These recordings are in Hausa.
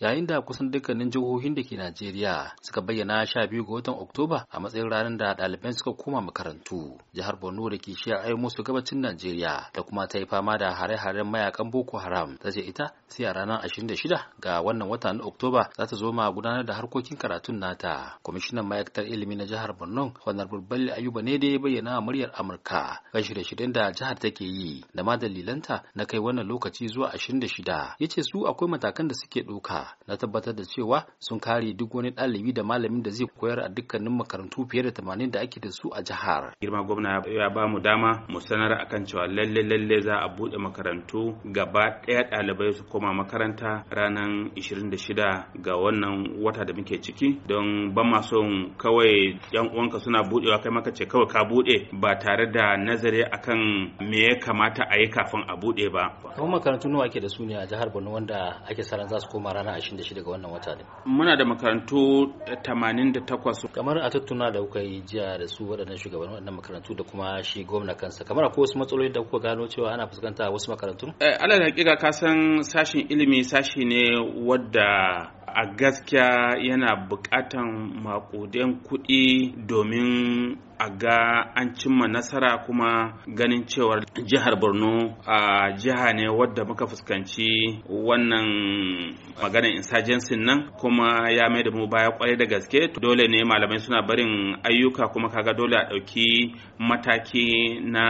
yayin da kusan dukkanin jihohin da ke Najeriya suka bayyana sha biyu ga watan Oktoba a matsayin ranar da ɗaliban suka koma makarantu. Jihar Borno da ke shi ayo musu gabacin Najeriya da kuma ta yi fama da hare-haren mayakan Boko Haram ta ce ita sai a ranar 26 ga wannan watan na Oktoba za ta zo ma gudanar da harkokin karatun nata. Kwamishinan ma'aikatar ilimi na jihar Borno Honar Bulbali Ayuba ne da ya bayyana muryar Amurka kan shirye-shiryen da jihar take yi da ma dalilanta na kai wannan lokaci zuwa 26. Ya ce su akwai matakan da suke ɗauka na tabbatar da cewa sun kare duk wani ɗalibi da malamin da zai koyar a dukkanin makarantu fiye da tamanin da ake da su a jihar. Girma gwamna ya ba mu dama mu sanar akan cewa lalle lalle za a buɗe makarantu gaba ɗaya ɗalibai su koma makaranta ranar 26 ga wannan wata da muke ciki don ban ma son kawai yan uwanka suna buɗewa kai maka ce kawai ka buɗe ba tare da nazari akan me ya kamata a yi kafin a buɗe ba. Kuma makarantu nawa ake da su ne a jihar Borno wanda ake sa ran za su koma ranar 26 ga wannan wata ne muna da makarantu 88 kamar a tattuna da kuka yi jiya da su waɗannan shugaban waɗannan makarantu da kuma shi gwamna kansa kamar akwai wasu matsaloli da kuka gano cewa ana fuskanta wasu makarantu eh, alal hakika ka san sashin ilimi sashi ne wadda a gaskiya yana bukatan makudan kuɗi domin a ga an cimma nasara kuma ganin cewar jihar borno a jiha ne wadda muka fuskanci wannan maganin insurgency nan kuma ya mai da mu baya kwarai da gaske dole ne malamai suna barin ayyuka kuma kaga dole a ɗauki mataki na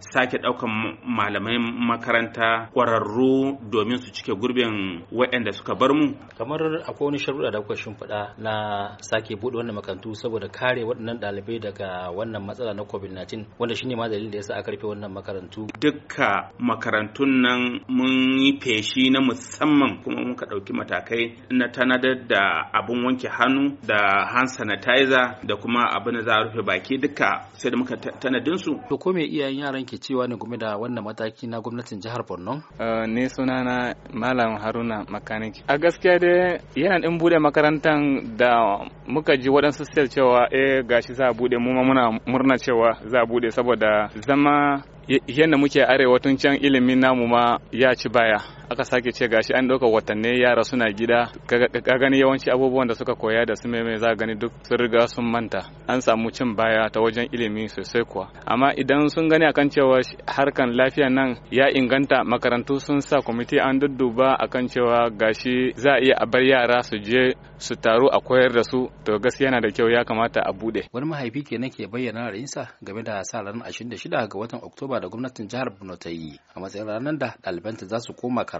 sake ɗaukan malamai makaranta kwararru domin su cike gurbin waɗanda suka bar mu kamar akwai wani sharuɗa da kuka shimfiɗa na sake buɗe wannan makarantu saboda kare waɗannan ɗalibai daga wannan matsala na covid-19 wanda shine ma dalilin da yasa aka rufe wannan makarantu dukka makarantun nan mun yi feshi na musamman kuma muka ɗauki matakai na tanadar da abin wanke hannu da hand sanitizer da kuma abin da za a rufe baki dukka sai da muka tanadin su to ko me iyayen yaran ke cewa ne game da wannan mataki na gwamnatin jihar Borno uh, ne sunana malam Haruna makaniki a gaskiya dai yana din bude makarantan da muka ji waɗansu sel cewa eh gashi za a bude mu ma muna murna cewa za a bude saboda zama yadda muke arewa tun can ilimin namu ma ya ci baya aka sake ce gashi an ɗauka watanni yara suna gida ka gani yawanci abubuwan da suka koya da su mai za gani duk sun riga sun manta an samu cin baya ta wajen ilimi sosai kuwa amma idan sun gani akan cewa harkan lafiya nan ya inganta makarantu sun sa kwamiti an dudduba akan cewa gashi za a iya a bar yara su je su taru a koyar da su to gaskiya yana da kyau ya kamata a bude wani mahaifi ke nake bayyana ra'ayinsa game da sa ranar 26 ga watan oktoba da gwamnatin jihar Borno ta yi a matsayin ranar da ɗalibanta za su koma karatu